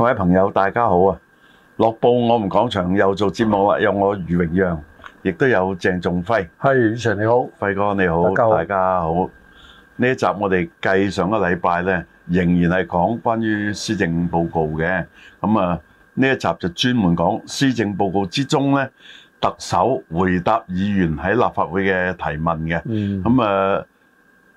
各位朋友，大家好啊！《樂報》我們講場，又做節目啦，有我余榮讓，亦都有鄭仲輝。係，宇翔你好，輝哥你好，大家好。呢一集我哋繼上個禮拜咧，仍然係講關於施政報告嘅。咁啊，呢一集就專門講施政報告之中咧，特首回答議員喺立法會嘅提問嘅。咁啊，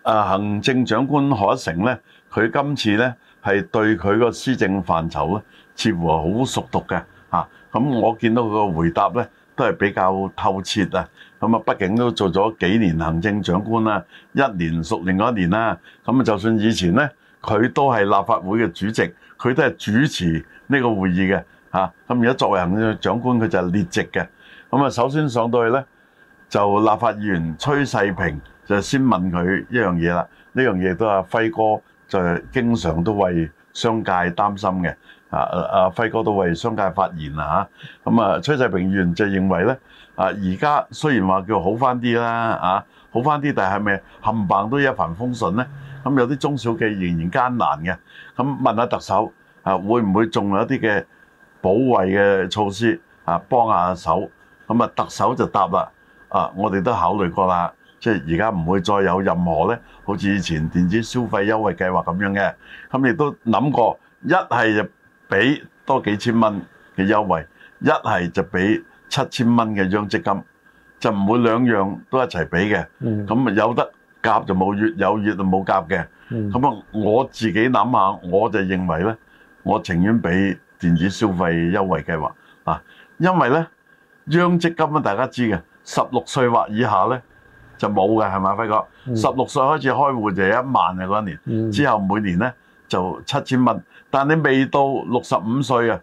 啊行政長官可成咧，佢今次咧。係對佢個施政範疇咧，似乎係好熟讀嘅嚇。咁我見到佢個回答咧，都係比較透徹啊。咁啊，畢竟都做咗幾年行政長官啦，一年熟另一年啦。咁啊，就算以前咧，佢都係立法會嘅主席，佢都係主持呢個會議嘅嚇。咁而家作為行政長官，佢就係列席嘅。咁啊，首先上到去咧，就立法議員崔世平就先問佢一樣嘢啦。呢樣嘢都係輝哥，就係經常都為商界擔心嘅，啊啊啊！輝哥都為商界發言啦嚇，咁啊，啊，崔世平議員就認為咧，啊而家雖然話叫好翻啲啦，啊好翻啲，但係咪冚唪棒都一帆風順咧？咁、啊、有啲中小企仍然艱難嘅，咁、啊、問下特首啊，會唔會仲有啲嘅補位嘅措施啊幫下手？咁啊，特首就答啦，啊我哋都考慮過啦。即係而家唔會再有任何咧，好似以前電子消費優惠計劃咁樣嘅。咁亦都諗過，一係就俾多幾千蚊嘅優惠，一係就俾七千蚊嘅央積金，就唔會兩樣都一齊俾嘅。咁啊，有得夾就冇月，有月就冇夾嘅。咁啊，我自己諗下，我就認為咧，我情願俾電子消費優惠計劃嗱，因為咧央積金啊，大家知嘅，十六歲或以下咧。就冇嘅係嘛，輝哥，十六歲開始開戶就有一萬啊嗰一年，之後每年咧就七千蚊。但你未到六十五歲啊，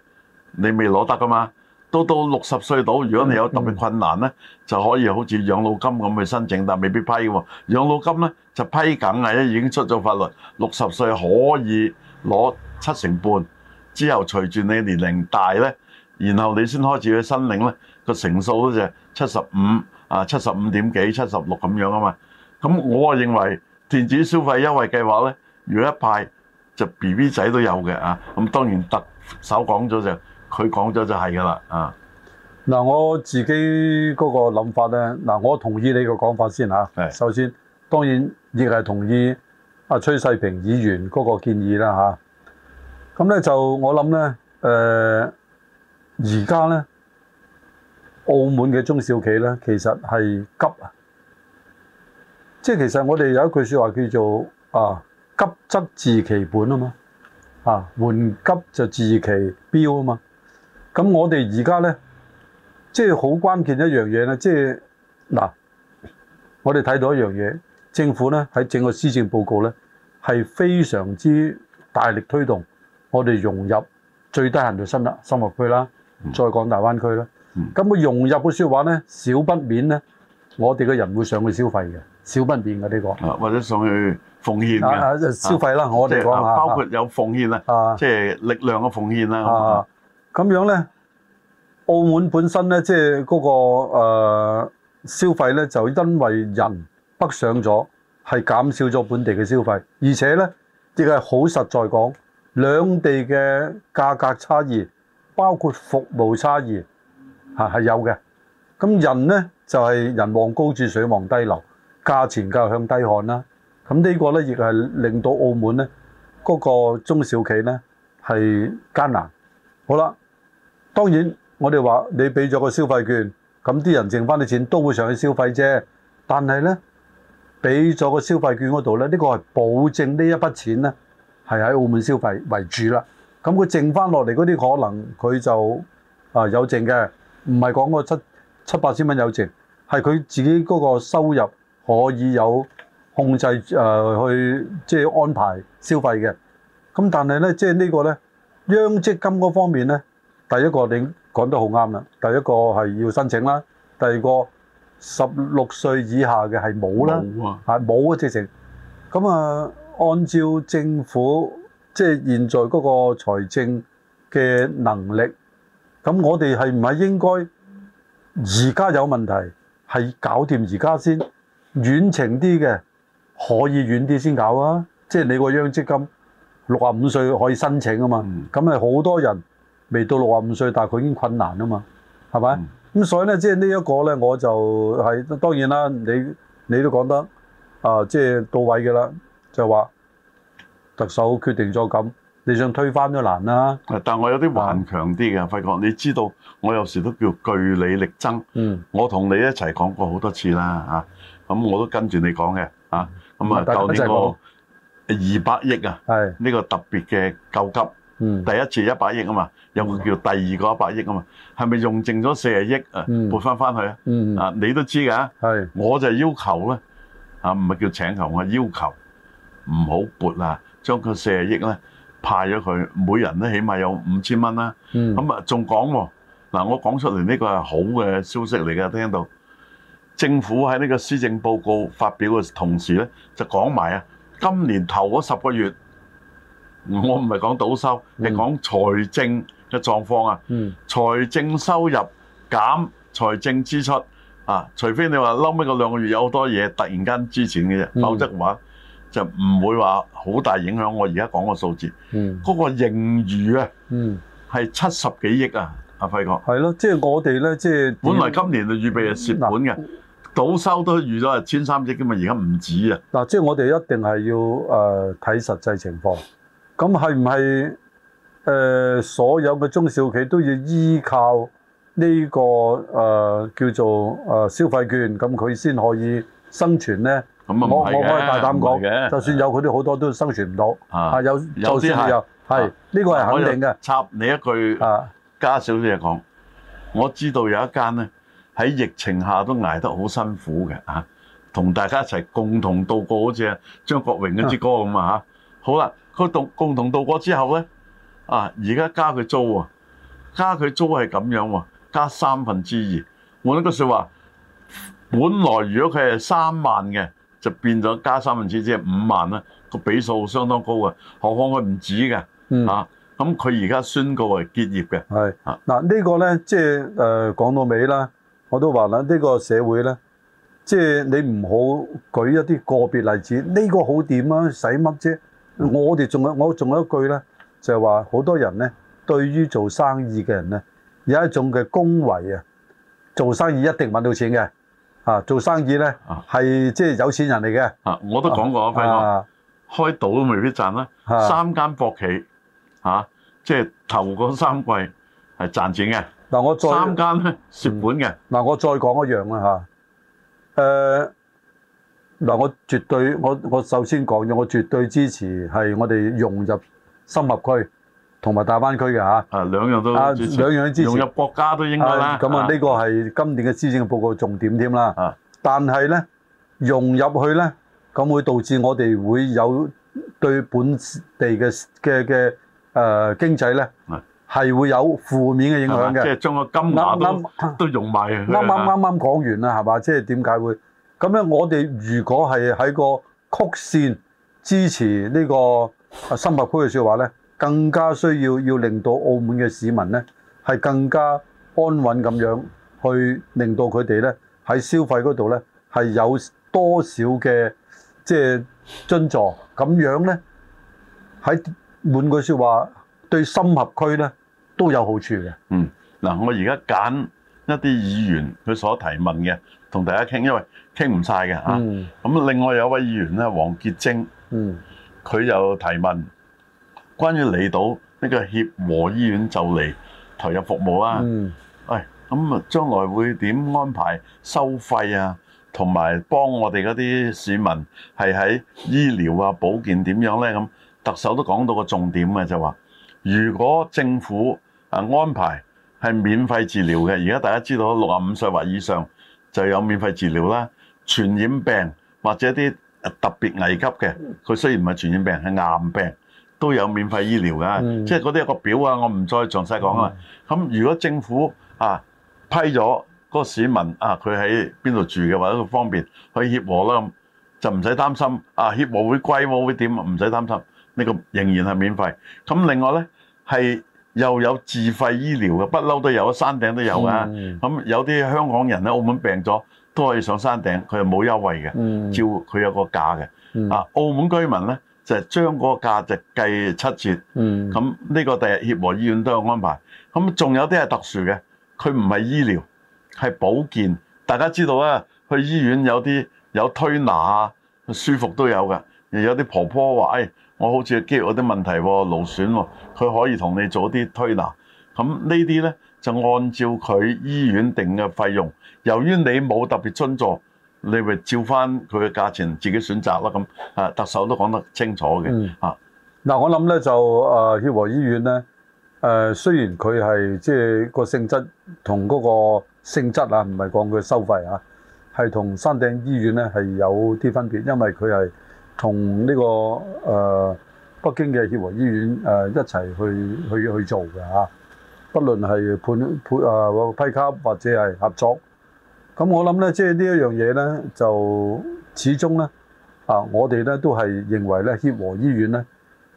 你未攞得噶嘛。都到到六十歲度，如果你有特別困難咧，就可以好似養老金咁去申請，但未必批喎。養老金咧就批緊啊，已經出咗法律，六十歲可以攞七成半，之後隨住你年齡大咧，然後你先開始去申領咧，個成數咧就係七十五。啊，七十五點幾、七十六咁樣啊嘛，咁我啊認為電子消費優惠計劃咧，如果一派就 BB 仔都有嘅啊，咁當然特首講咗就佢講咗就係噶啦啊。嗱，我自己嗰個諗法咧，嗱，我同意你個講法先嚇、啊。係。首先，當然亦係同意阿、啊、崔世平議員嗰個建議啦、啊、吓，咁、啊、咧就我諗咧，誒而家咧。澳門嘅中小企咧，其實係急啊！即係其實我哋有一句説話叫做啊，急則治其本啊嘛，啊緩急就治其標啊嘛。咁我哋而家咧，即係好關鍵一樣嘢咧，即係嗱，我哋睇到一樣嘢，政府咧喺整個施政報告咧，係非常之大力推動我哋融入最低限度生啦，生活區啦，再講、嗯、大灣區啦。咁佢、嗯、融入嘅説話咧，少不免咧，我哋嘅人會上去消費嘅，少不免嘅呢、呢個，或者上去奉獻嘅、啊、消費啦。啊、我哋們講包括有奉獻啊，即係力量嘅奉獻啦。咁、啊啊啊、樣咧，澳門本身咧，即係嗰個、呃、消費咧，就因為人北上咗，係減少咗本地嘅消費，而且咧亦係好實在講，兩地嘅價格差異，包括服務差異。啊，係有嘅。咁人呢，就係、是、人望高處水望低流，價錢較向低看啦。咁呢個呢，亦係令到澳門呢嗰、那個中小企呢，係艱難。好啦，當然我哋話你俾咗個消費券，咁啲人剩翻啲錢都會上去消費啫。但係呢，俾咗個消費券嗰度呢，呢、這個係保證呢一筆錢呢，係喺澳門消費為主啦。咁佢剩翻落嚟嗰啲，可能佢就啊有剩嘅。唔係講個七七八千蚊有剩，係佢自己嗰個收入可以有控制誒去即係安排消費嘅。咁但係咧，即係呢個咧，央積金嗰方面咧，第一個你講得好啱啦。第一個係要申請啦，第二個十六歲以下嘅係冇啦，係冇啊直情。咁啊，按照政府即係現在嗰個財政嘅能力。咁我哋係唔係應該而家有問題係搞掂而家先？遠程啲嘅可以遠啲先搞啊！即係你個央積金六啊五歲可以申請啊嘛，咁係好多人未到六啊五歲，但係佢已經困難啊嘛，係咪？咁、嗯、所以咧，即係呢一個咧，我就係當然啦，你你都講得啊、呃，即係到位嘅啦，就話、係、特首決定咗咁。你想推翻都難啦、啊。但係我有啲頑強啲嘅，費國的，你知道我有時都叫據理力爭。嗯，我同你一齊講過好多次啦，嚇、啊、咁我都跟住你講嘅，嚇咁啊救呢個二百億啊，係呢的個特別嘅救急。嗯，第一次一百億啊嘛，有個叫第二個一百億啊嘛，係咪用剩咗四十億啊？嗯、撥翻翻去啊？嗯啊你都知㗎、啊，係的我就要求咧嚇，唔、啊、係叫請求，我要求唔好撥啊，將佢四十億咧。派咗佢，每人都起碼有五千蚊啦。咁啊、嗯，仲講喎嗱，我講出嚟呢個係好嘅消息嚟嘅，聽到政府喺呢個施政報告發表嘅同時咧，就講埋啊，今年頭嗰十個月，我唔係講倒收，係講、嗯、財政嘅狀況啊。嗯、財政收入減，財政支出啊，除非你話嬲尾嗰兩個月有好多嘢突然間支錢嘅啫，否則嘅話。嗯就唔會話好大影響，我而家講個數字，嗰、嗯、個盈餘啊，係、嗯、七十幾億啊，阿輝哥。係咯，即係我哋咧，即係本來今年嘅預備係蝕本嘅，倒、嗯嗯、收都預咗係千三億嘅嘛，而家唔止啊。嗱、嗯，即係我哋一定係要誒睇、呃、實際情況。咁係唔係誒所有嘅中小企都要依靠呢、呢個誒、呃、叫做誒、呃、消費券，咁佢先可以生存咧？不我我可以大膽講，的就算有佢啲好多都生存唔到。啊的，的有就算有，係呢個係肯定嘅。插你一句，啊，加少少嘢講。我知道有一間咧喺疫情下都捱得好辛苦嘅，啊，同大家一齊共同度過好似張國榮嗰支歌咁的啊嚇。好啦，佢度共同度過之後咧，啊，而家加佢租啊，加佢租係咁樣喎，加三分之二。換句説話，本來如果佢係三萬嘅。就變咗加三分之，即係五萬啦，個比數相當高嘅，何況佢唔止嘅嚇。咁佢而家宣告係結業嘅。係是啊，嗱呢個咧即係誒講到尾啦，我都話啦，呢個社會咧，即係你唔好舉一啲個別例子，呢個好點啊，使乜啫？我哋仲有我仲有一句咧，就係話好多人咧對於做生意嘅人咧有一種嘅恭維啊，做生意一定搵到錢嘅。啊，做生意咧，係即係有錢人嚟嘅、啊。我都講過阿輝、啊、開賭都未必賺啦。啊、三間博企，吓、啊，即係頭嗰三季係賺錢嘅。嗱、啊，我再三間咧蝕本嘅。嗱、嗯啊，我再講一樣啦吓。誒、啊、嗱、啊，我絕對我我首先講咗，我絕對支持係我哋融入深合區。同埋大灣區嘅啊兩樣都啊兩樣都支持，融入國家都應該啦。咁啊，呢、啊啊、個係今年嘅施政報告重點添啦。啊、但係咧融入去咧，咁會導致我哋會有對本地嘅嘅嘅誒經濟咧，係、啊、會有負面嘅影響嘅、啊。即係將個金額都、啊、都融埋。啱啱啱啱講完啦，係嘛？即係點解會咁樣，我哋如果係喺個曲線支持個呢個新北區嘅説話咧？更加需要要令到澳門嘅市民咧，係更加安穩咁樣，去令到佢哋咧喺消費嗰度咧係有多少嘅即係幫助，咁樣咧喺換句説話，對深合區咧都有好處嘅。嗯，嗱，我而家揀一啲議員佢所提問嘅同大家傾，因為傾唔晒嘅嚇。嗯。咁另外有位議員咧，黃潔貞，嗯，佢有提問。關於嚟到呢個協和醫院就嚟投入服務啦，喂、嗯，咁啊、哎、將來會點安排收費啊，同埋幫我哋嗰啲市民係喺醫療啊保健點樣呢？咁特首都講到個重點嘅就話，如果政府啊安排係免費治療嘅，而家大家知道六十五歲或以上就有免費治療啦，傳染病或者啲特別危急嘅，佢雖然唔係傳染病係癌病。都有免費醫療㗎，嗯、即係嗰啲有個表啊，我唔再詳細講啦。咁、嗯、如果政府啊批咗嗰個市民啊，佢喺邊度住嘅或者佢方便，去協和啦，就唔使擔心啊協和會貴喎會點啊，唔使擔心。呢、呢個仍然係免費。咁另外咧係又有自費醫療嘅，不嬲都有，山頂都有嘅、啊。咁、嗯、有啲香港人咧，澳門病咗都可以上山頂，佢係冇優惠嘅，嗯、照佢有個價嘅。嗯、啊，澳門居民咧。就將嗰個價值計七折，咁呢、嗯、個第日協和醫院都有安排。咁仲有啲係特殊嘅，佢唔係醫療，係保健。大家知道咧，去醫院有啲有推拿，舒服都有嘅。有啲婆婆話，誒、哎，我好似肌肉有啲問題，勞損，佢可以同你做啲推拿。咁呢啲咧就按照佢醫院定嘅費用。由於你冇特別津助。你咪照翻佢嘅價錢自己選擇啦咁，啊特首都講得清楚嘅嚇。嗱、嗯啊啊、我諗咧就誒、啊、協和醫院咧誒、啊、雖然佢係即係個性質同嗰個性質啊，唔係講佢收費啊，係同山頂醫院咧係有啲分別，因為佢係同呢個誒、啊、北京嘅協和醫院、啊、一齊去去去做嘅嚇、啊。不論係判判、呃、批卡或者係合作。咁我諗咧，即係呢一樣嘢咧，就始終咧，啊，我哋咧都係認為咧，協和醫院咧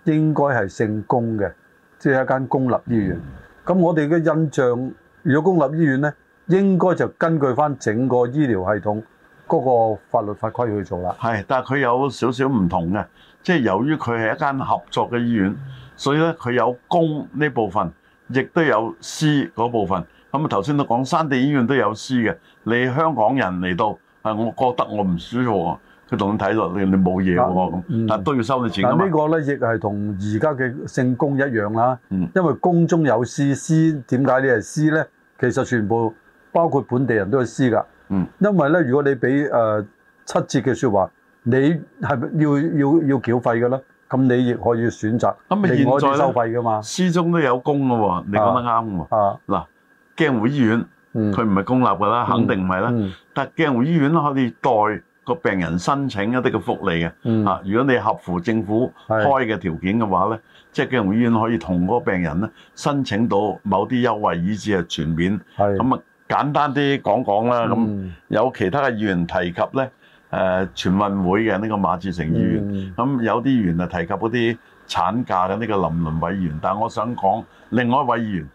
應該係姓公嘅，即係一間公立醫院。咁我哋嘅印象，如果公立醫院咧，應該就根據翻整個醫療系統嗰個法律法規去做啦。係，但係佢有少少唔同嘅，即係由於佢係一間合作嘅醫院，所以咧佢有公呢部分，亦都有私嗰部分。咁啊，頭先都講三地醫院都有私嘅，你香港人嚟到，我覺得我唔舒服，佢同你睇落你你冇嘢喎咁，嗯、但都要收你錢。咁呢、嗯這個咧亦係同而家嘅聖公一樣啦，嗯、因為公中有私，私點解你係私咧？其實全部包括本地人都係私㗎，嗯、因為咧，如果你俾、呃、七節嘅說話，你係要要要繳費㗎啦，咁你亦可以選擇。咁你、嗯、現在你收費㗎嘛？私中都有公㗎喎，你講得啱喎。嗱、啊。啊鏡湖醫院，佢唔係公立㗎啦，肯定唔係啦。嗯嗯、但係鏡湖醫院可以代個病人申請一啲嘅福利嘅。啊、嗯，如果你合乎政府開嘅條件嘅話咧，即係鏡湖醫院可以同嗰個病人咧申請到某啲優惠，以至係全面。咁啊是，簡單啲講講啦。咁、嗯、有其他嘅議員提及咧，誒、呃、全運會嘅呢、呢個馬志成議員，咁、嗯、有啲議員啊提及嗰啲產假嘅呢、呢個林倫偉議員，但係我想講另外一位議員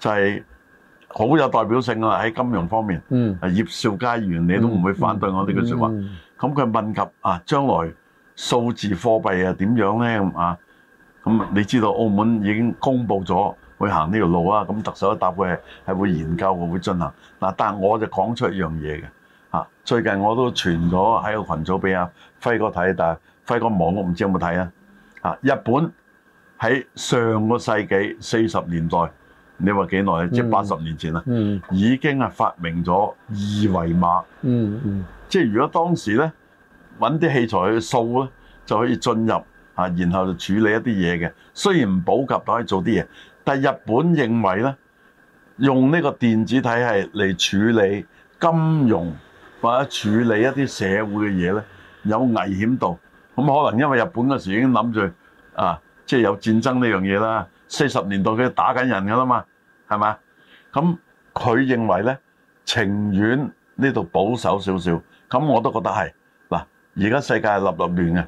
就係、是。好有代表性啊！喺金融方面，嗯、葉少佳議員你都唔會反對我呢句說話。咁佢、嗯嗯嗯、問及啊，將來數字貨幣啊點樣咧咁啊？咁你知道澳門已經公佈咗會行呢條路啊？咁特首一答嘅係會研究會進行。嗱、啊，但係我就講出一樣嘢嘅。啊，最近我都傳咗喺個群組俾阿輝哥睇，但係輝哥忙，我唔知有冇睇啊。啊，日本喺上個世紀四十年代。你話幾耐？即係八十年前啦，嗯嗯、已經係發明咗二維碼、嗯。嗯嗯，即係如果當時咧揾啲器材去掃咧，就可以進入啊，然後就處理一啲嘢嘅。雖然唔普及都可以做啲嘢，但係日本認為咧，用呢個電子體系嚟處理金融或者處理一啲社會嘅嘢咧，有危險度。咁可能因為日本嗰時候已經諗住啊，即係有戰爭呢樣嘢啦。四十年代佢打緊人噶啦嘛，係嘛？咁佢認為咧，情願呢度保守少少。咁我都覺得係。嗱，而家世界係立立亂嘅。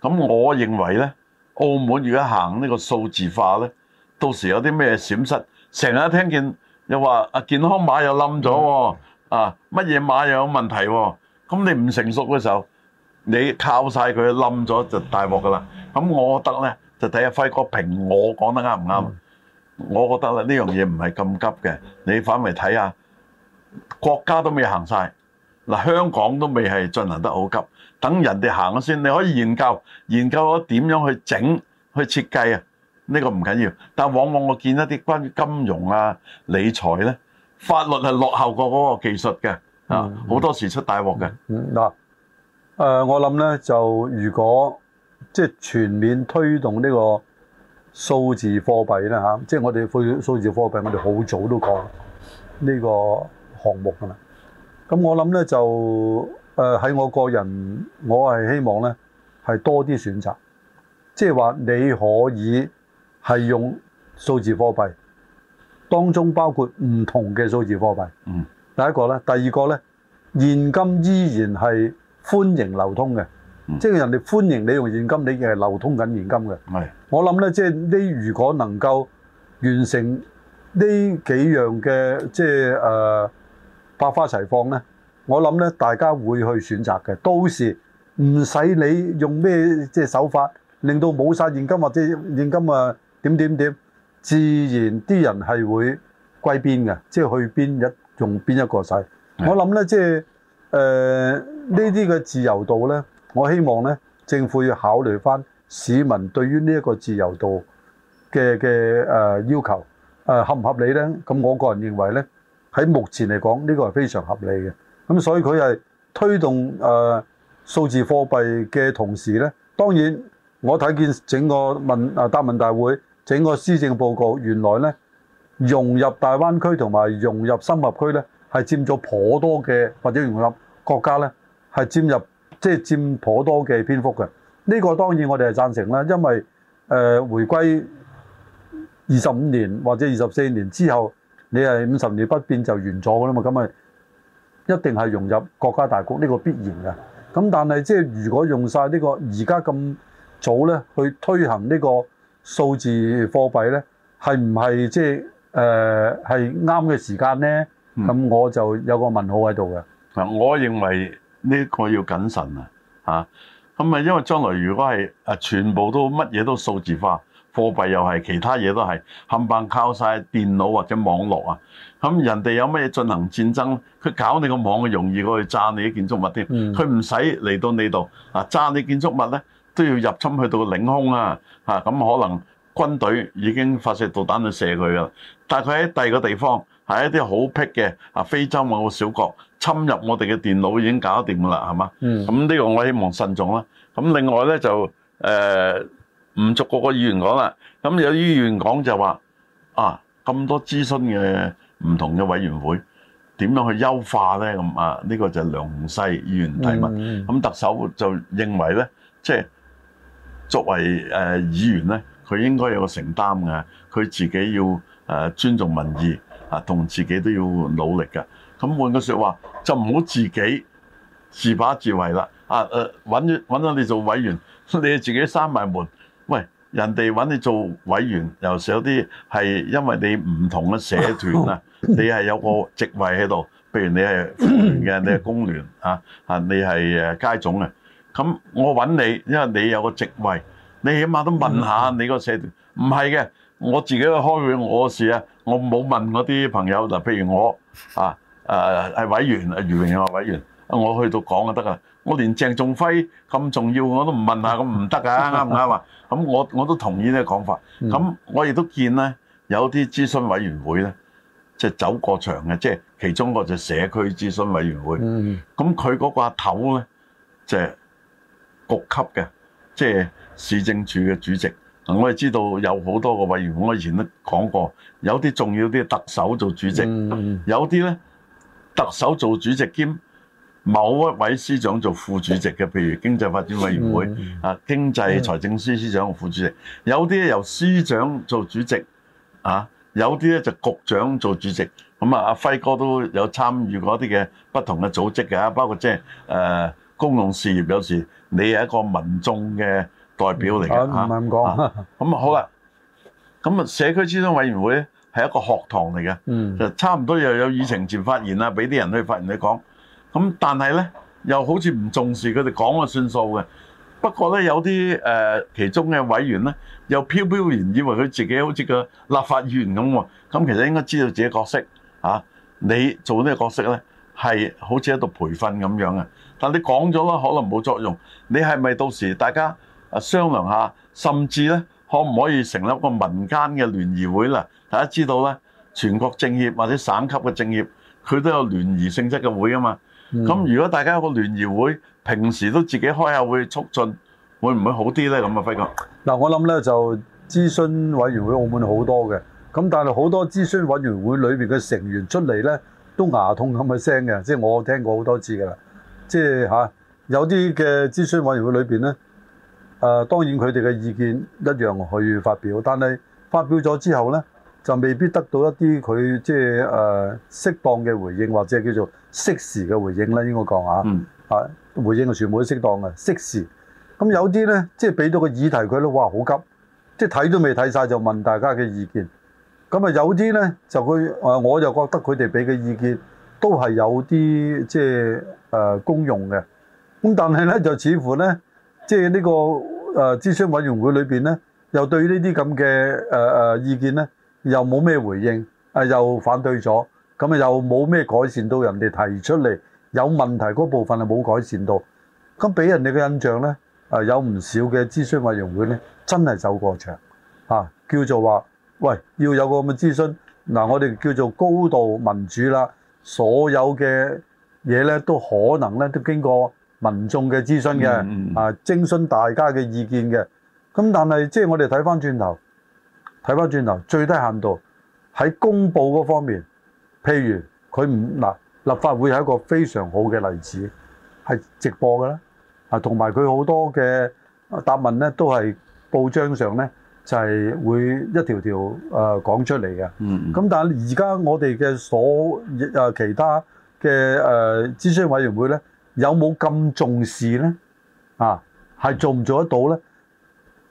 咁我認為咧，澳門如果行呢個數字化咧，到時有啲咩閃失，成日聽見又話啊健康碼又冧咗喎，啊乜嘢碼又有問題喎、啊？咁你唔成熟嘅時候，你靠晒佢冧咗就大鑊噶啦。咁我覺得咧。就睇下輝哥評我講得啱唔啱？我覺得咧，呢樣嘢唔係咁急嘅。你返回睇下國家都未行晒，嗱香港都未係進行得好急。等人哋行咗先，你可以研究研究我點樣去整、去設計啊？呢個唔緊要。但往往我見一啲關於金融啊、理財咧，法律係落後過嗰個技術嘅啊，好、嗯嗯、多時出大鑊嘅、嗯。嗱、嗯嗯呃，我諗咧就如果。即係全面推動呢個數字貨幣咧吓，即係我哋數數字貨幣，我哋好早都講、這個、呢個項目噶啦。咁我諗咧就誒喺、呃、我個人，我係希望咧係多啲選擇，即係話你可以係用數字貨幣當中包括唔同嘅數字貨幣。嗯，第一個咧，第二個咧，現金依然係歡迎流通嘅。即係人哋歡迎你用現金，你亦係流通緊現金嘅。係我諗咧，即係呢，你如果能夠完成呢幾樣嘅，即係誒百花齊放咧，我諗咧大家會去選擇嘅，到時唔使你用咩即係手法，令到冇曬現金或者現金啊點點點，自然啲人係會歸邊嘅，即係去邊一用邊一個使。我諗咧，即係誒呢啲嘅自由度咧。我希望咧，政府要考慮返市民對於呢一個自由度嘅嘅誒要求，誒合唔合理咧？咁我個人認為咧，喺目前嚟講，呢個係非常合理嘅。咁所以佢係推動誒數字貨幣嘅同時咧，當然我睇見整個問誒答問大會，整個施政報告原來咧融入大灣區同埋融入深合區咧，係佔咗頗多嘅或者融入國家咧係佔入。即係佔頗多嘅篇幅嘅，呢、這個當然我哋係贊成啦，因為誒、呃、回歸二十五年或者二十四年之後，你係五十年不變就完咗㗎啦嘛，咁咪一定係融入國家大局呢、這個必然嘅。咁但係即係如果用晒呢個而家咁早咧，去推行呢個數字貨幣咧，係唔係即係誒係啱嘅時間咧？咁我就有個問號喺度嘅。嗱、嗯，我認為。呢個要謹慎啊！嚇咁啊，因為將來如果係啊，全部都乜嘢都數字化，貨幣又係，其他嘢都係，冚棒靠晒電腦或者網絡啊！咁人哋有咩進行戰爭？佢搞你個網，容易過去炸你啲建築物添。佢唔使嚟到你度啊，炸你啲建築物咧，都要入侵去到個領空啊！嚇、啊、咁、啊、可能軍隊已經發射導彈去射佢㗎啦。但佢喺第二個地方。係一啲好僻嘅啊，非洲某個小國侵入我哋嘅電腦已經搞得掂噶啦，係嘛？嗯。咁呢個我希望慎重啦。咁另外咧就誒唔、呃、逐個個議員講啦。咁有議員講就話啊，咁多諮詢嘅唔同嘅委員會點樣去優化咧？咁啊，呢、這個就係梁洪西議員提問。咁、嗯嗯、特首就認為咧，即、就、係、是、作為誒議員咧，佢應該有個承擔嘅，佢自己要誒尊重民意。嗯啊，同自己都要努力噶。咁換句說話，就唔好自己自把自為啦。啊，呃，搵咗搵咗你做委員，你自己閂埋門。喂，人哋搵你做委員，又有啲係因為你唔同嘅社團啊，你係有個職位喺度。譬如你係嘅，你係工聯啊，啊，你係誒街總啊。咁我搵你，因為你有個職位，你起碼都問下你個社團。唔係嘅，我自己去開會，我事啊。我冇問我啲朋友，嗱，譬如我啊，誒、啊、係委員，余榮讓委員，我去到講就得啊，我連鄭仲輝咁重要我都唔問下，咁唔得噶，啱唔啱啊？咁 我我都同意呢個講法，咁我亦都見咧，有啲諮詢委員會咧，即係走過場嘅，即係其中個就社區諮詢委員會，咁佢嗰個頭咧，就係局級嘅，即係市政署嘅主席。我哋知道有好多個委員會，我以前都講過，有啲重要啲特首做主席，有啲呢特首做主席兼某一位司長做副主席嘅，譬如經濟發展委員會啊，經濟財政司司長副主席，有啲由司長做主席啊，有啲呢就局長做主席，咁啊，阿輝哥都有參與嗰啲嘅不同嘅組織嘅，包括即係呃，公共事業，有時你係一個民眾嘅。代表嚟嘅唔係咁講。咁啊，啊，啊好啦，咁啊社區諮詢委員會咧係一個學堂嚟嘅，嗯、就差唔多又有議程，前發言啦，俾啲人去發言去講。咁但係咧，又好似唔重視佢哋講嘅算數嘅。不過咧有啲誒、呃、其中嘅委員咧，又飄飄然以為佢自己好似個立法員咁喎。咁其實應該知道自己的角色嚇、啊，你做呢個角色咧？係好似喺度培訓咁樣嘅。但你講咗啦，可能冇作用。你係咪到時大家？啊，商量下，甚至咧，可唔可以成立個民間嘅聯誼會啦？大家知道咧，全國政協或者省級嘅政協，佢都有聯誼性質嘅會啊嘛。咁、嗯、如果大家有個聯誼會平時都自己開下會促進，會唔會好啲咧？咁啊，輝哥，嗱，我諗咧就諮詢委員會澳門好多嘅，咁但係好多諮詢委員會裏邊嘅成員出嚟咧，都牙痛咁嘅聲嘅，即係我聽過好多次噶啦，即係嚇有啲嘅諮詢委員會裏邊咧。誒、呃、當然佢哋嘅意見一樣去發表，但係發表咗之後呢，就未必得到一啲佢即係誒、呃、適當嘅回應，或者叫做適時嘅回應啦。應該講下，嗯、啊回應全部都適當嘅，適時。咁有啲呢，即係俾到個議題，佢都哇好急，即係睇都未睇晒，就問大家嘅意見。咁啊有啲呢，就佢我就覺得佢哋俾嘅意見都係有啲即係誒公用嘅。咁但係呢，就似乎呢。即係呢個誒諮詢委員會裏面呢，又對呢啲咁嘅誒意見呢，又冇咩回應，又反對咗，咁啊又冇咩改善到人哋提出嚟有問題嗰部分係冇改善到，咁俾人哋嘅印象呢，有唔少嘅諮詢委員會呢，真係走過場，啊、叫做話喂要有個咁嘅諮詢，嗱、啊、我哋叫做高度民主啦，所有嘅嘢呢都可能呢都經過。民眾嘅諮詢嘅、嗯嗯嗯、啊，徵詢大家嘅意見嘅。咁但係即係我哋睇翻轉頭，睇翻轉頭最低限度喺公佈嗰方面，譬如佢唔嗱立法會係一個非常好嘅例子，係直播嘅啦。啊，同埋佢好多嘅答問咧，都係報章上咧就係、是、會一條條誒、呃、講出嚟嘅。嗯，嗯，咁、啊、但係而家我哋嘅所誒、啊、其他嘅誒、啊、諮詢委員會咧。有冇咁重視呢？啊，係做唔做得到呢？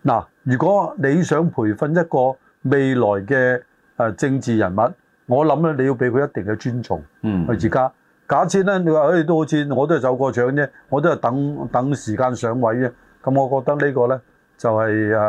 嗱、啊，如果你想培訓一個未來嘅誒政治人物，我諗咧你要俾佢一定嘅尊重。嗯。佢而家假設咧，你話誒都好似我都係走過場啫，我都係等等時間上位啫。咁我覺得呢個呢，就係、是、誒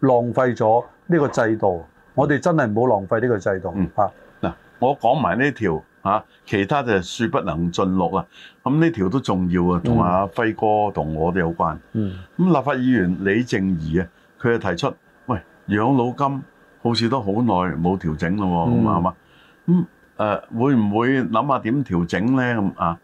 浪費咗呢個制度。我哋真係唔好浪費呢個制度。啊、嗯。嗱，我講埋呢條。啊！其他就恕不能進諾啦。咁呢條都重要啊，同阿輝哥同我都有關。嗯。咁立法議員李靜儀啊，佢又提出：喂，養老金好似都好耐冇調整啦，咁啊嘛。咁誒、呃、會唔會諗下點調整咧？咁啊。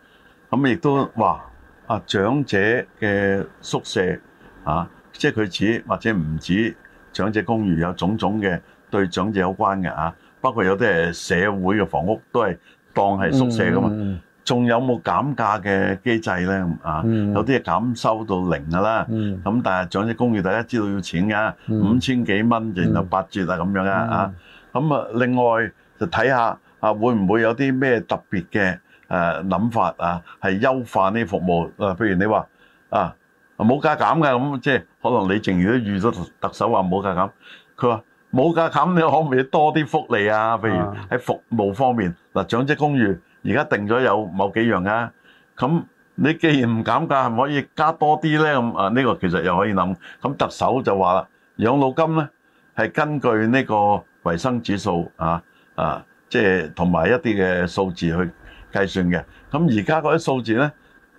咁亦都話啊，長者嘅宿舍啊，即係佢指或者唔止長者公寓有種種嘅對長者有關嘅啊。包括有啲係社會嘅房屋都係。當係宿舍噶嘛，仲有冇減價嘅機制咧？啊，有啲係減收到零噶啦，咁但係長者公寓大家知道要錢噶，五千幾蚊然後八折啊咁樣噶啊，咁啊另外就睇下啊會唔會有啲咩特別嘅誒諗法啊，係優化啲服務啊，譬如你話啊冇加減嘅咁，即係可能你竟然都預咗特首話冇加減，佢話。冇㗎，咁你可唔可以多啲福利啊？譬如喺服務方面，嗱，長職公寓而家定咗有某幾樣嘅，咁你既然唔減價，係咪可以加多啲咧？咁啊，呢個其實又可以諗。咁特首就話啦，養老金咧係根據呢個維生指數啊啊，即係同埋一啲嘅數字去計算嘅。咁而家嗰啲數字咧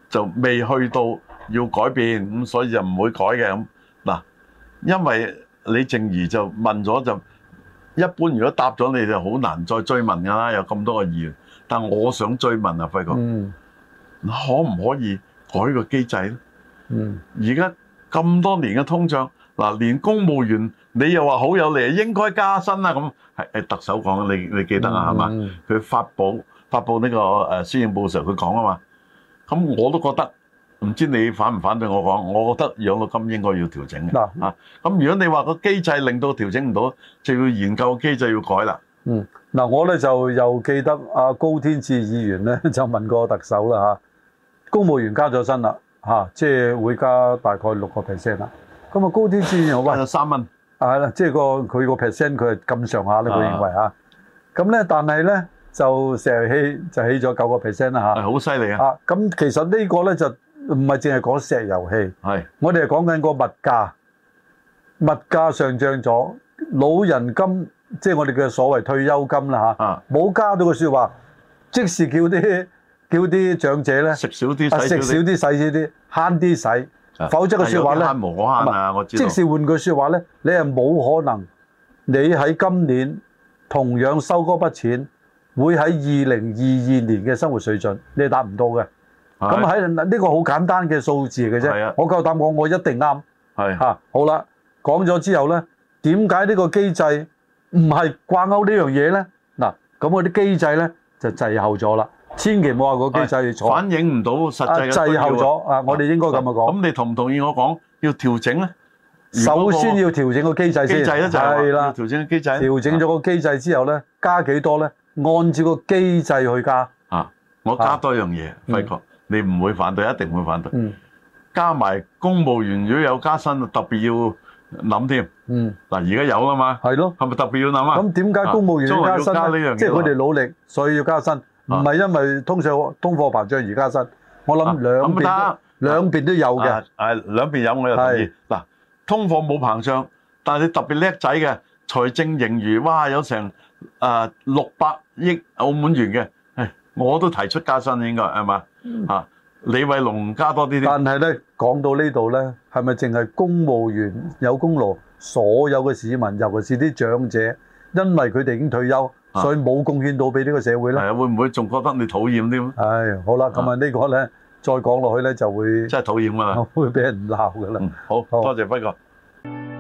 就未去到要改變，咁所以就唔會改嘅。咁嗱，因為。李靜怡就問咗就一般，如果答咗你就好難再追問㗎啦，有咁多個議員。但我想追問啊，輝哥，嗱，可唔可以改個機制咧？嗯，而家咁多年嘅通脹，嗱，連公務員你又話好有利，應該加薪啦咁。係係特首講，你你記得啊，係嘛？佢發布發布呢個誒施政報告嘅時候，佢講啊嘛。咁我都覺得。唔知你反唔反對我講？我覺得養老金應該要調整嘅嗱啊，咁、啊、如果你話個機制令到調整唔到，就要研究機制要改啦、嗯。嗯，嗱，我咧就又記得阿高天智議員咧就問過特首啦嚇、啊，公務員加咗薪啦嚇，即係會加大概六個 percent 啦。咁啊，高天智議員又有三蚊。啊，係啦，即係個佢個 percent 佢係咁上下咧，佢認為嚇。咁咧，但係咧就成日起就起咗九個 percent 啦嚇。好犀利啊！咁其實個呢個咧就～唔係淨係講石油氣，係我哋係講緊個物價，物價上漲咗，老人金即係我哋嘅所謂退休金啦嚇，冇加到嘅説話，即係叫啲叫啲長者咧食少啲，食少啲，使少啲，慳啲使，否則嘅説話咧，冇可能。即使換句説話咧，你係冇可能，你喺今年同樣收嗰筆錢，會喺二零二二年嘅生活水準，你係達唔到嘅。咁喺呢個好簡單嘅數字嘅啫，的我夠膽講，我一定啱的、啊。好啦，講咗之後咧，點解呢個機、啊、制唔係掛鈎呢樣嘢咧？嗱，咁我啲機制咧就滯後咗啦，千祈唔好話個機制反映唔到實際，滯後咗啊！啊我哋應該咁樣講。咁你同唔同意我講要調整咧？首先要調整個機制先。機制啦，調整個機制。調的整咗個機制之後咧，加幾多咧？按照個機制去加。啊，我加多一樣嘢，你唔會反對，一定會反對。嗯，加埋公務員如果有加薪，特別要諗添。嗯，嗱，而家有吖嘛。係咯，係咪特別要諗啊？咁點解公務員要加薪咧？即係佢哋努力，所以要加薪，唔係因為通上通貨膨脹而加薪。我諗兩邊兩邊都有嘅。係兩邊有，我又同意嗱。通貨冇膨脹，但係你特別叻仔嘅財政盈餘，哇，有成誒六百億澳門元嘅，我都提出加薪應該係嘛？啊！李慧龍加多啲啲，但係咧講到呢度咧，係咪淨係公務員有功勞？所有嘅市民，尤其是啲長者，因為佢哋已經退休，所以冇貢獻到俾呢個社會咧。係啊，會唔會仲覺得你討厭啲？係，好啦，咁啊呢個咧再講落去咧就會真係討厭噶啦，會俾人鬧噶啦。好多謝輝哥。